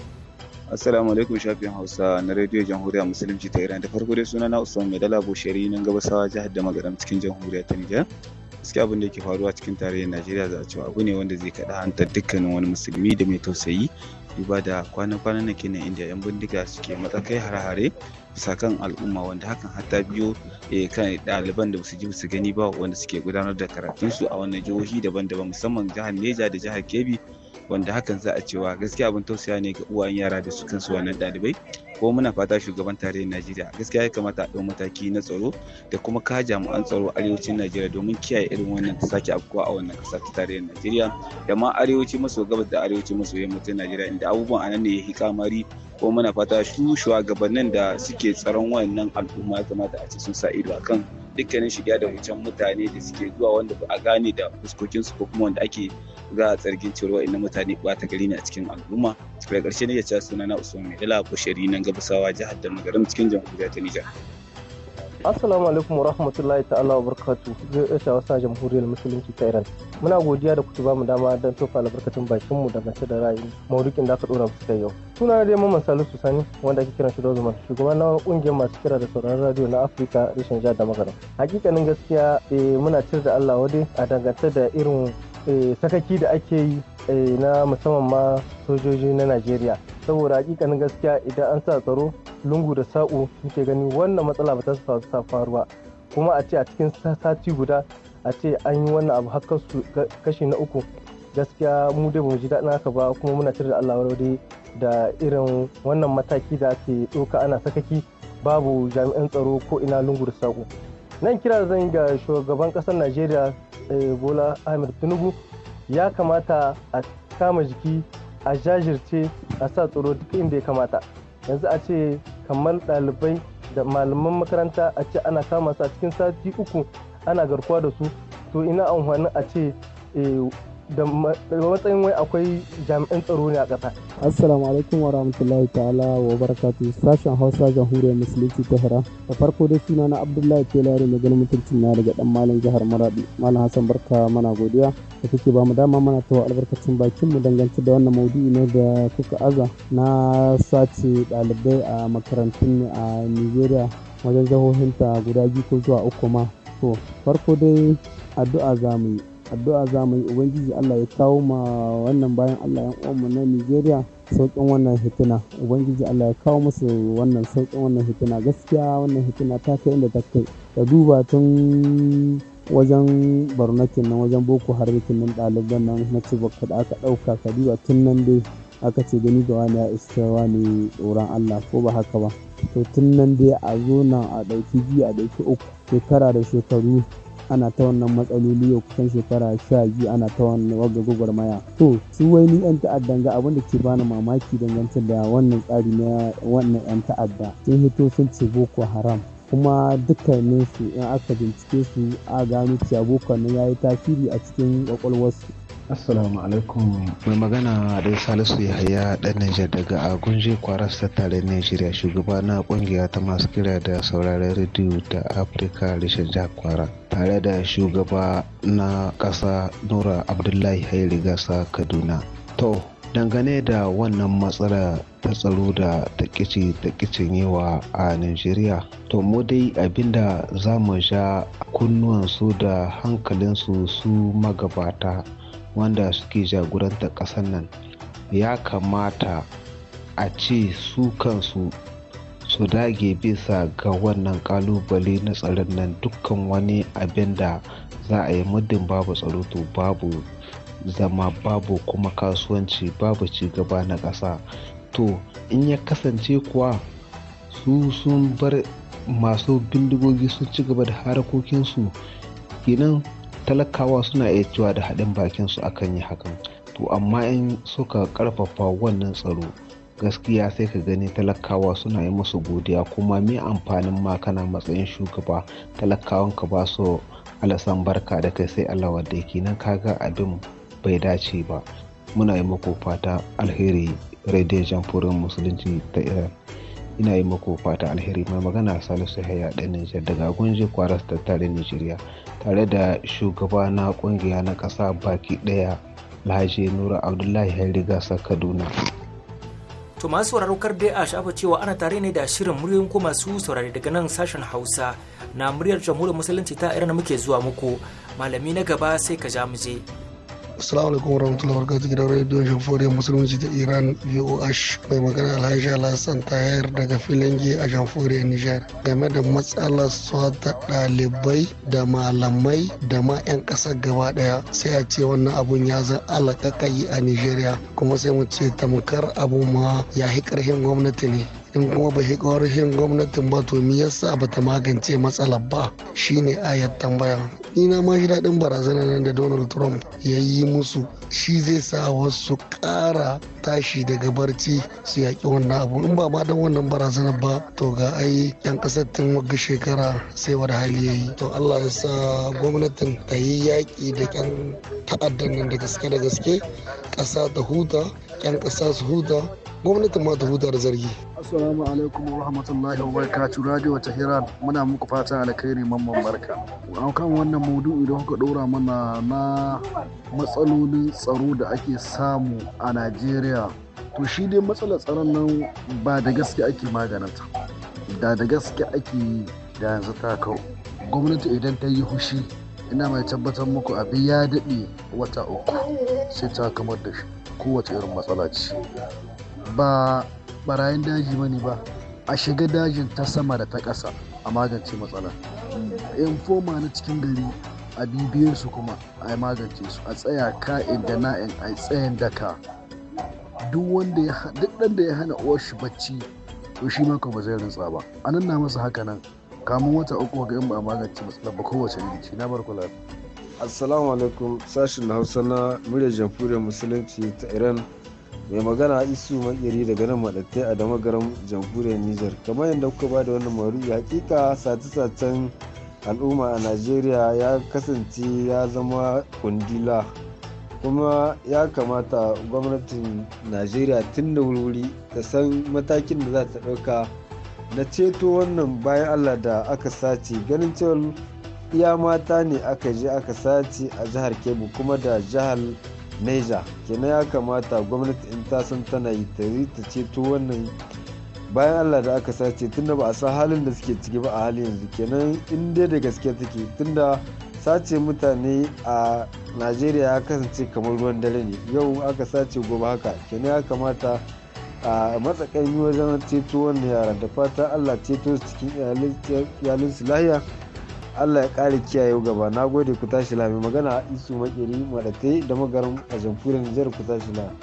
Assalamu alaikum shafin Hausa na Radio jamhuriyar Musulunci ta Iran da farko dai suna na Usman Maidala Bushari nan gabasawa jihar da magaram cikin jamhuriyar ta Nijar. Gaskiya abin da yake faruwa cikin tarayyar Najeriya za a cewa abu ne wanda zai kaɗa hantar dukkanin wani musulmi da mai tausayi duba da kwana-kwanan na kenan inda 'yan bindiga suke matsakai hare-hare bisa kan al'umma wanda hakan hatta biyo eh, kan ɗaliban da su ji su gani ba wanda suke gudanar da karatunsu a wannan jihohi daban-daban musamman jihar neja da jihar kebbi wanda hakan za a cewa gaskiya abin tausaya ne ga uwayen yara da su kansu wannan ɗalibai ko muna fata shugaban tarayyar najeriya gaskiya ya kamata a ɗau mataki na tsaro da kuma ka jami'an tsaro arewacin najeriya domin kiyaye irin wannan ta sake afkuwa a wannan ƙasa ta tarayyar najeriya da ma arewaci maso gabas da arewaci maso yammacin najeriya inda abubuwan anan ne ya hi kamari ko muna fata su shugabannin da suke tsaron wannan al'umma ya kamata a ce sun sa ido akan dukkanin shiga da wucen mutane da suke zuwa wanda ba a gane da fuskokinsu ko kuma wanda ake za a tsargin cewa na mutane ba ta gari ne a cikin al'umma daga ƙarshe ne ya ce suna na usman mai dala bushari nan gabasawa jihar da magaram cikin jamhuriyar ta nijar Assalamu alaikum wa rahmatullahi ta'ala wa barkatu zai isa wasa jamhuriyar musulunci ta Iran. Muna godiya da kutuba bamu dama don tofa albarkatun bakin mu dangance da ra'ayi maudukin da aka dora musu kai yau. Suna da Mamman Salisu Sani wanda ake kiran shi da Zuman shugaban na kungiyar masu kira da sauraron radio na Afirka rashin jihar da magana. Hakikanin gaskiya eh, muna cire da Allah wade a dangantar da irin eh, sakaki da ake yi eh, na musamman ma sojoji na Najeriya. Saboda hakikanin gaskiya idan an sa tsaro lungu da saƙo muke gani wannan matsala ba ta faruwa kuma a ce a cikin sati guda a ce an yi wannan abu hakan su kashi na uku gaskiya mu dai bamu ji daɗin haka ba kuma muna cire da Allah da irin wannan mataki da ake ɗauka ana sakaki babu jami'an tsaro ko ina lungu da sako nan kira da zan ga shugaban ƙasar Najeriya eh, Bola Ahmed Tinubu ya kamata a kama jiki a jajirce a sa tsaro duk inda ya kamata yanzu a ce kamar ɗalibai da malaman makaranta a ce ana kama su a cikin sati uku ana garkuwa da su to ina amfanin a ce eh, da matsayin wai akwai jami'an tsaro ne a ƙasa. Assalamu alaikum wa rahmatullahi ta'ala wa barakatu sashen Hausa jamhuriyar Musulunci Tehran. Da farko dai suna na Abdullahi Telari mai ganin mutuncin na daga dan malam jihar Maradi. Malam Hassan Barka mana godiya da kuke ba mu dama mana tawa albarkacin bakin mu dangance da wannan maudu'i ne da kuka aza na sace ɗalibai a makarantun a Nigeria wajen jihohinta guda biyu ko zuwa uku ma. To farko dai addu'a za mu yi addu'a za mu yi ubangiji allah ya kawo ma wannan bayan allah yan uwanmu na nigeria saukin wannan hituna ubangiji allah ya kawo musu wannan sauƙin wannan hituna gaskiya wannan hituna ta kai inda ta kai da duba tun wajen barnakin nan wajen boko harbikin nan ɗaliban nan na cibok da aka ɗauka ka duba tun nan dai aka ce gani da wani ya isa wani tsoron allah ko ba haka ba to tun nan dai a zo nan a ɗauki biyu a ɗauki uku shekara da shekaru ana ta wannan matsaloli yau kusan shekara sha biyu ana ta wannan wagga gwagwarmaya to su wai ni yan ta'addan ga abin da ke bani mamaki dangance da wannan tsari na wannan yan ta'adda sun hito sun ce boko haram kuma dukkaninsu in aka bincike su a gano cewa boko nan ya yi tasiri a cikin kwakwalwarsu Assalamu alaikum mai magana da Salisu Yahaya ɗan Nijar daga agunji Kwaras ta tare Nijeriya shugaba na kungiya ta masu kira da sauraron rediyo ta Afirka Rishin Kwara tare da shugaba na ƙasa Nura Abdullahi Hairi Gasa Kaduna. To, dangane da wannan matsala ta tsaro da ta kici ta yawa a Najeriya. To mu dai abinda za mu sha kunnuwansu da hankalinsu su magabata wanda suke jagoranta ƙasar nan ya kamata a ce su kansu su dage bisa ga wannan kalubale na tsaron nan dukkan wani abin da za a yi muddin babu tsaro to babu zama babu kuma kasuwanci babu ci gaba na ƙasa to in ya kasance kuwa su sun bar masu bindigogi sun ci gaba da harkokinsu kenan talakawa suna iya cewa da haɗin bakin su akan yi hakan to amma in suka karfafa wannan tsaro gaskiya sai ka gani talakawa suna yi musu godiya kuma me amfanin ma kana matsayin shugaba talakawan ka ba su alasan barka da kai sai allah wadda yake nan kaga abin bai dace ba muna yi muku fata alheri rediyon furin musulunci ta iran ina yi muku fata alheri mai magana salisu haya ɗan nijar daga gunji kwaras tattalin nijeriya tare da shugaba na ƙungiya na ƙasa baki ɗaya laje nura abdullahi gasa kaduna To masu sauraro kar dai a shafa cewa ana tare ne da shirin muryoyin ko masu saurari daga nan sashen Hausa na muryar jamhuriyar musulunci ta irin muke zuwa muku malami na gaba sai ka ja mu je. Assalamu alaikum warahmatullahi wabarakatuh gidan radio Jamhuriyar Musulunci ta Iran VOH mai magana Alhaji Alhassan Tahir daga Filinge a Jamhuriyar Nijar game da matsalar ta ɗalibai da malamai da ma 'yan ƙasar gaba ɗaya sai a ce wannan abun ya zan alaƙaƙayi a Nijeriya kuma sai mu ce tamkar abu ma ya hi ƙarfin gwamnati ne in kuma ba shi rashin gwamnatin ba to mi yasa ba ta magance matsalar ba shine ayat tambaya ni na ma shi daɗin barazana nan da donald trump ya yi musu shi zai sa wasu ƙara tashi daga barci su yaƙi wannan abu in ba ma don wannan barazana ba to ga ai yan ƙasar tun wagga shekara sai wani hali ya yi to allah ya sa gwamnatin ta yi yaƙi da yan ta'addan nan da gaske da gaske ƙasa ta huta yan ƙasa su huta gwamnatin ma ta huta da zargi assalamu alaikum wa rahmatullahi wa barakatuh radio hiran. muna muku fata alkhairi mamman barka kan wannan maudu'i da kuka dora mana na matsalolin tsaro da ake samu a najeriya to shi dai matsalar tsaron nan ba da gaske ake maganata da da gaske ake da yanzu ta kau gwamnati idan ta yi hushi ina mai tabbatar muku abin ya daɗe wata uku sai ta kamar da shi kowace irin matsala ce ba barayin daji bane ba a shiga dajin ta sama da ta ƙasa a magance matsalar yan foma na cikin gari a bibiyar su kuma a magance su a tsaya ka'in da na'in a tsayin daka duk wanda ya duk da ya hana uwar shi bacci to shi ma ba zai rantsa ba a nan na masa haka nan kamun wata uku ga in ba magance matsalar ba kowace iri na bar lafiya assalamu alaikum sashin hausa na muryar jamhuriyar musulunci ta iran mai magana isu maƙeri daga nan maɗattai a dama garin jamhuriyar niger kamar yadda kuka ba da wannan maru'i hakika sace-sacen al'umma a najeriya ya kasance ya zama kundila kuma ya kamata gwamnatin najeriya tun da wuri ta san matakin da za ta ɗauka na ceto wannan bayan allah da aka sace ganin cewa iya mata ne aka je aka sace a jihar kebbi kuma da jihar Niger kenan ya kamata gwamnati in ta san tana yi ta yi ta ceto wannan bayan Allah da aka sace tunda ba a san halin da suke ciki ba a halin yanzu kenan in dai da gaske take tunda sace mutane a Najeriya ya kasance kamar ruwan dare ne yau aka sace gobe haka kenan ya kamata a matsakaimi wajen ceto wannan yara da fata Allah ceto su cikin iyalinsu lahiya Allah ya ƙara kiyaye gaba na gode ku tashi lami magana isu makeri maɗate da magarin a jamhuriyar Nijar ku tashi lami.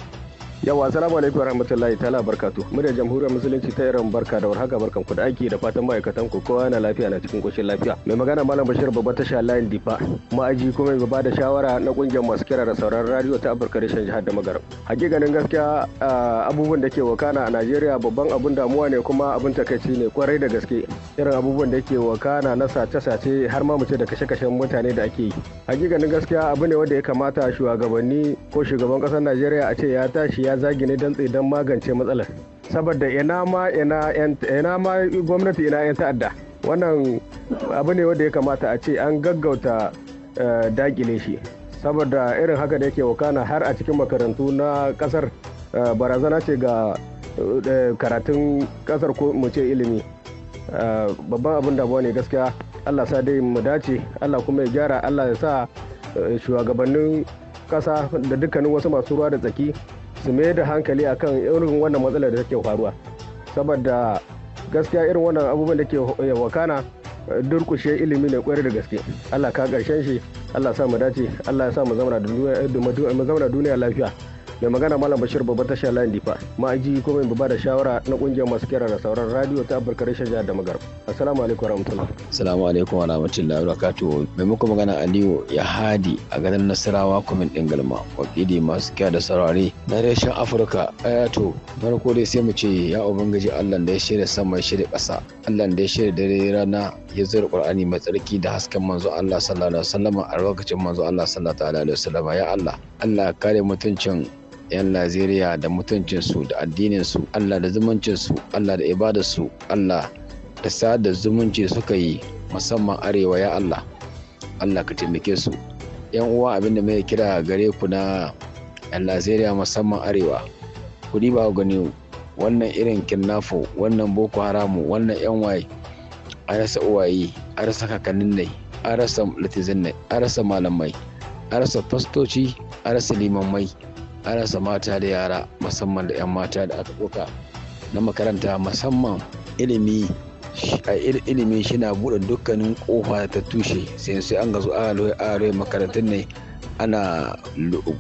yawa assalamu alaikum warahmatullahi ta'ala barkatu mu da jamhuriyar musulunci ta irin barka da warhaka barkan ku da aiki da fatan ma'aikatan ku kowa na lafiya na cikin koshin lafiya mai magana malam bashir babba tasha layin difa ma'aji kuma mai bada shawara na kungiyar masu kira da sauraron radio ta afirka reshen jihar da magarab hakikanin gaskiya abubuwan da ke wakana a najeriya babban abun damuwa ne kuma abun takaici ne kwarai da gaske irin abubuwan da ke wakana na sace-sace har ma mu ce da kashe-kashen mutane da ake yi hakikanin gaskiya abu ne wanda ya kamata shugabanni ko shugaban kasar najeriya a ce ya tashi ya zagi ne dantse don magance matsalar saboda ina ma ina ma gwamnati ina 'yan ta'adda wannan abu ne wanda ya kamata a ce an gaggauta eh, dakile shi saboda irin haka da yake wakana har a cikin makarantu na kasar eh, barazana ce ga eh, karatun kasar ko mu ce ilimi babban abin da ne gaskiya allah sa dai mu dace allah kuma ya gyara allah ya sa shugabannin kasa da dukkanin wasu masu ruwa da tsaki su mai da hankali akan irin wannan matsalar da take faruwa saboda gaskiya irin wannan abubuwan da ke eh, wakana eh, durkushe ilimi ne kwarai da gaske Allah ka karshen shi Allah sa mu dace Allah ya sa mu zauna eh, duniya lafiya mai magana malam bashir babban tashar layin difa ma'aji ko mai babba da shawara na kungiyar masu kera da sauran radio ta afirka rashin jihar da magar assalamu alaikum warahmatullahi assalamu alaikum warahmatullahi wabarakatuh mai muku magana aliyu ya hadi a ganin nasarawa kwamin din galma wakili masu kera da saurare na reshen afirka ayato farko dai sai mu ce ya ubangiji allah da ya shirya sama ya shirya ƙasa allah da ya shirya dare rana ya zira qur'ani mai tsarki da hasken manzo allah sallallahu alaihi wasallama a lokacin manzo allah sallallahu alaihi wasallama ya allah allah kare mutuncin 'yan Najeriya da mutuncinsu da addininsu Allah da zumuncinsu Allah da ibadarsu Allah da sada zumunci suka yi musamman arewa ya Allah Allah ka taimake su 'yan uwa abinda mai kira gare ku na 'yan Najeriya musamman arewa ku ba gani wannan irin kinnafo wannan boko haramu wannan 'yan waye an rasa uwaye an rasa kakannin ne an rasa litizin ne an rasa malamai an rasa fastoci A rasa limamai an rasa mata da yara musamman da 'yan mata da aka koka na makaranta musamman ilimi a shi na buɗe dukkanin ƙofa ta tushe sai sai an gazu aroe makarantun ne ana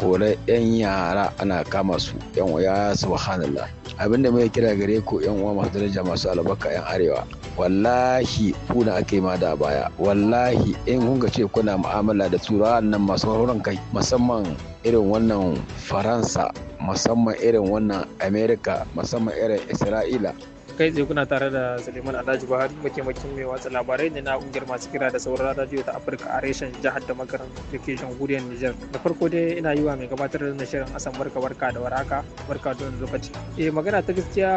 kore 'yan yara ana kama su 'yan su subhanallah abinda mai kira gare ku 'yan uwa masu daraja masu albarka 'yan arewa wallahi kuna ake ma da baya wallahi in kun ce kuna mu'amala da turawan nan masu horon kai musamman irin wannan faransa musamman irin wannan amerika musamman irin isra'ila kai tsaye kuna tare da suleiman alhaji buhari mataimakin mai watsa labarai ne na ƙungiyar masu kira da sauran radiyo ta afirka a reshen jihar da makarar location guriyar niger da farko dai ina yi wa mai gabatar da shirin asan barka barka da waraka barka da wani lokaci eh magana ta gaskiya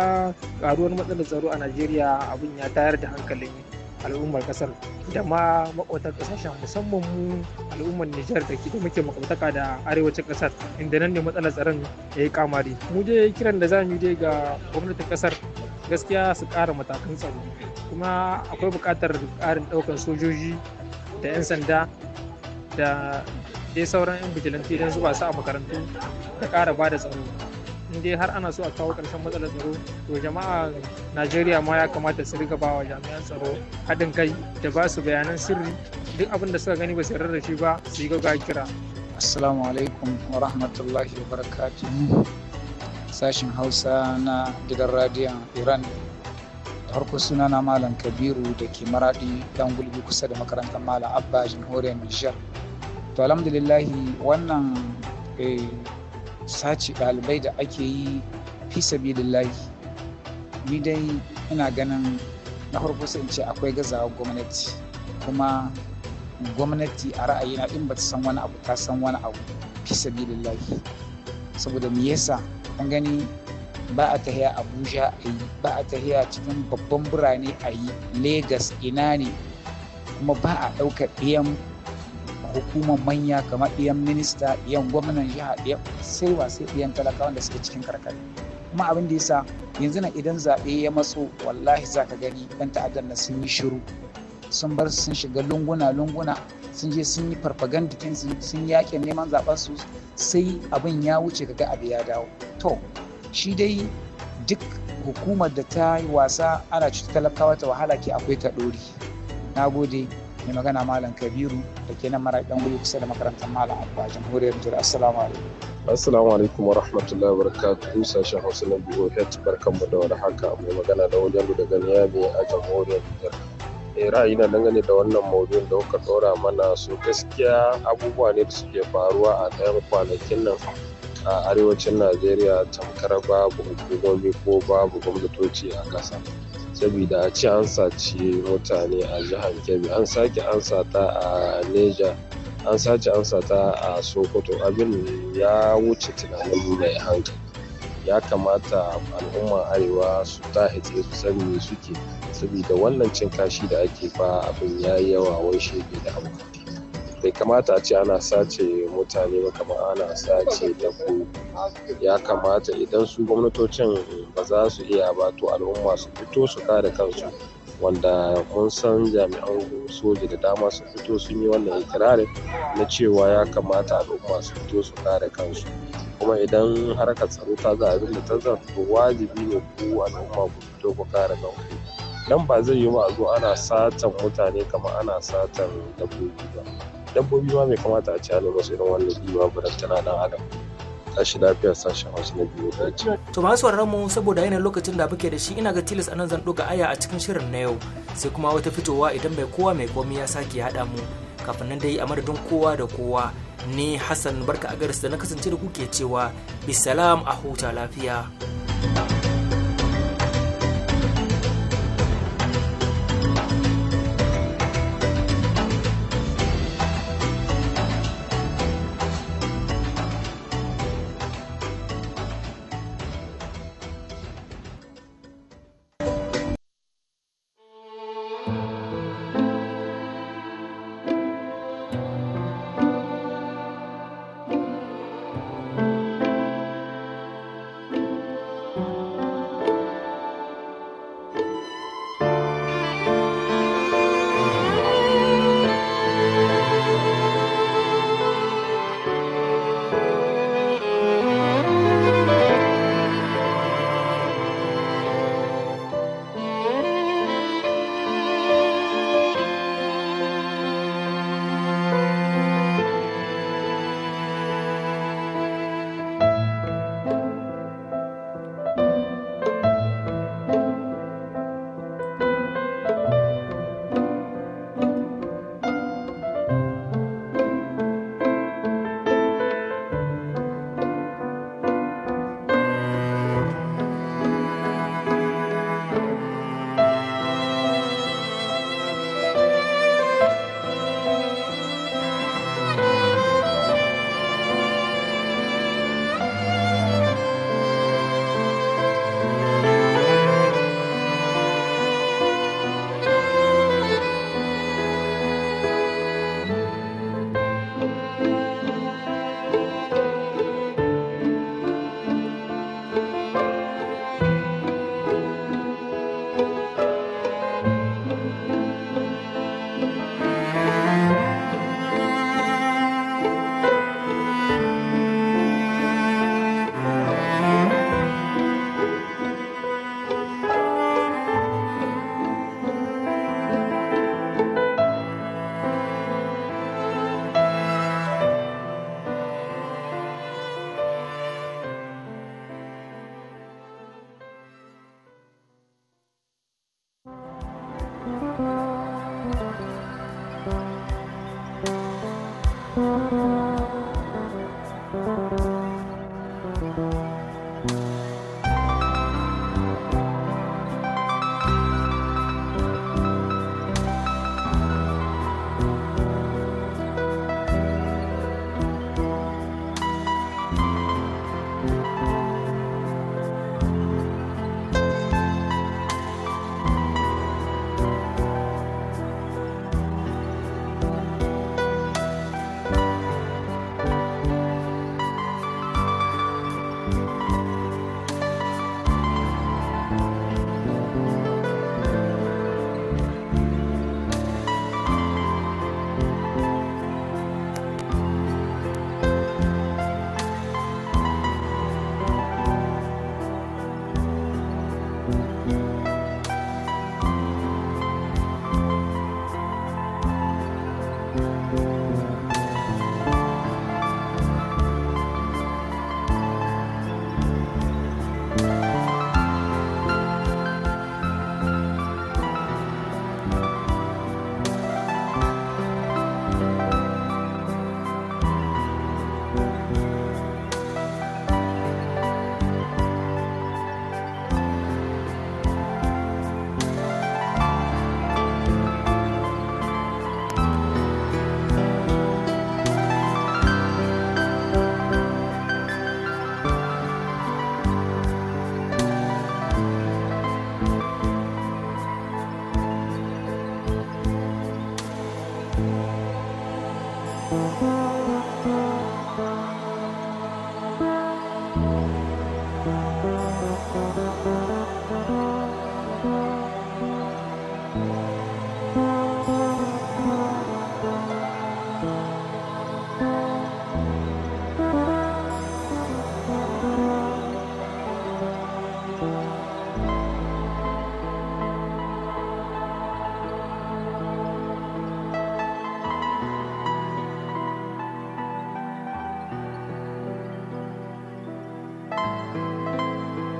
karuwar matsalar tsaro a najeriya abin ya tayar da hankalin al'ummar ƙasar da ma makwatar kasashen musamman mu al'ummar Nijar da ke da muke makwataka da arewacin kasar inda nan ne matsalar tsaron ya yi kamari mu dai kiran da za mu dai ga gwamnatin ƙasar gaskiya su ƙara matakan tsaro kuma akwai buƙatar ƙarin ɗaukar sojoji da 'yan sanda da dai sauran 'yan bijilanti don zuba su a makarantu da ƙara ba da tsaro in dai har ana so a kawo ƙarshen matsalar tsaro to jama'a najeriya ma ya kamata su riga ba wa jami'an tsaro haɗin kai da ba su bayanan sirri duk abin da suka gani ba su yarda da shi ba su yi gaggawa kira assalamu alaikum wa rahmatullahi wa sashen hausa na gidan radiyon iran farko suna na malam kabiru da ke Maraɗi, dan gulbi kusa da makarantar malam abba jamhuriyar nijar to alhamdulillahi wannan eh, sace ɗalibai da ake yi fi lahi, ni dai ina ganin na farko sai ce akwai gazawa gwamnati kuma gwamnati a ra'ayina in ba ta san wani abu ta san wani abu fi lahi. saboda me yasa an gani ba a tahiya abuja a yi ba a tahiya cikin babban birane a yi Legas ina ne kuma ba a ɗaukar ɗiyan hukumar manya kamar ɗiyan minista ɗiyan gwamnan jiha ɗiyan sai wa ɗiyan talakawan da suke cikin karkara kuma abin da yasa yanzu na idan zaɓe ya matso wallahi za ka gani ɗan ta'addar na sun yi shiru sun bar sun shiga lunguna-lunguna sun je sun yi farfaganda sun yakin neman zaɓen su sai abin ya wuce kaga abu ya dawo to shi dai duk hukumar da ta yi wasa ana cuta talakawa ta wahala ke akwai ta ɗori na gode mai magana malam kabiru da ke nan mara dan kusa da makarantar malam abba jamhuriyar jira assalamu alaikum assalamu alaikum wa rahmatullahi wa barakatuhu sashen hausa na biyu h barkan mu da haka mai magana da wajen daga ne a jamhuriyar nijar eh, ra'ayi na dangane da wannan maudu'in da kuka ɗora mana su gaskiya abubuwa ne da suke faruwa a ɗayan kwanakin nan a arewacin najeriya tamkar babu hukumomi ko babu gwamnatoci a ƙasa saboda a ce an saci mutane a jihar kebbi an sake an sata a neja an sace an sata a sokoto abin ya wuce tunanin mai hankali ya kamata al'umma arewa su ta tsaye su sani suke saboda wannan cin kashi da ake fa abin ya yi yawa wai shege da hauka bai kamata a ce ana sace mutane ba kamar ana sace dabbobi ya kamata idan su gwamnatocin ba za su iya ba to al'umma su fito su kare kansu wanda mun san jami'an soja da dama su fito sun yi wannan ikirarin na cewa ya kamata al'umma su fito su kare kansu kuma idan harkar tsaro ta ga abin da ta zarto wajibi ne ku al'umma ku fito ku kare kanku nan ba zai yi ba a zo ana satan mutane kamar ana satan dabbobi ba dabbobi ma bai kamata a ci hannu ba sai don wannan ɗiba barantana na adam tashi lafiya sashen wasu na biyu da ci. To masu sauraron mu saboda yanayin lokacin da muke da shi ina ga tilas anan zan ɗoga aya a cikin shirin na yau sai kuma wata fitowa idan bai kowa mai komi ya sake haɗa mu kafin nan dai a madadin kowa da kowa ne Hassan barka a garis da na kasance da kuke cewa bisalam a huta lafiya. thank